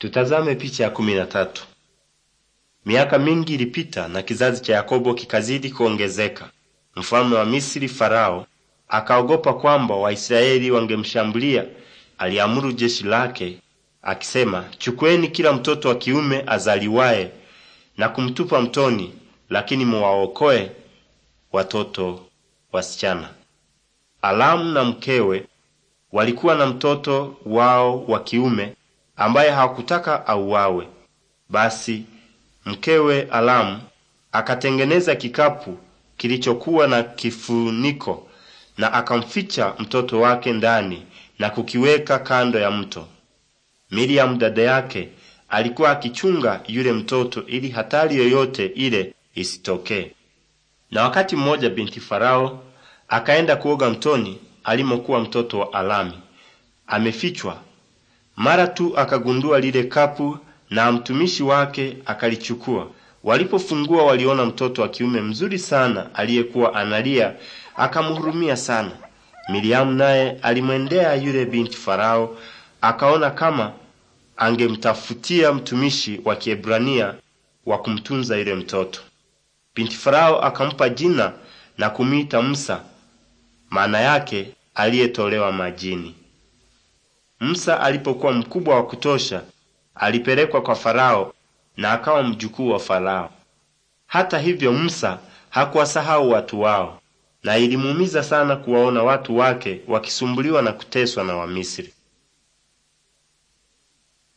Tutazame picha ya kumi na tatu. Miaka mingi ilipita na kizazi cha Yakobo kikazidi kuongezeka. Mfalme wa Misri Farao akaogopa kwamba Waisraeli wangemshambulia. Aliamuru jeshi lake akisema, chukweni kila mtoto wa kiume azaliwaye na kumtupa mtoni, lakini muwaokoe watoto wasichana. Alamu na mkewe walikuwa na mtoto wao wa kiume ambaye hakutaka auawe. Basi mkewe Alamu akatengeneza kikapu kilichokuwa na kifuniko na akamficha mtoto wake ndani na kukiweka kando ya mto. Miriamu dada yake alikuwa akichunga yule mtoto ili hatari yoyote ile isitokee. Na wakati mmoja binti Farao akaenda kuoga mtoni alimokuwa mtoto wa Alami amefichwa mara tu akagundua lile kapu na mtumishi wake akalichukua. Walipofungua waliona mtoto wa kiume mzuri sana aliyekuwa analia, akamhurumia sana. Miriamu naye alimwendea yule binti Farao, akaona kama angemtafutia mtumishi wa Kiebrania wa kumtunza yule mtoto. Binti Farao akampa jina na kumwita Musa, maana yake aliyetolewa majini. Musa alipokuwa mkubwa wa kutosha, alipelekwa kwa Farao na akawa mjukuu wa Farao. Hata hivyo, Musa hakuwasahau watu wao, na ilimuumiza sana kuwaona watu wake wakisumbuliwa na kuteswa na Wamisri.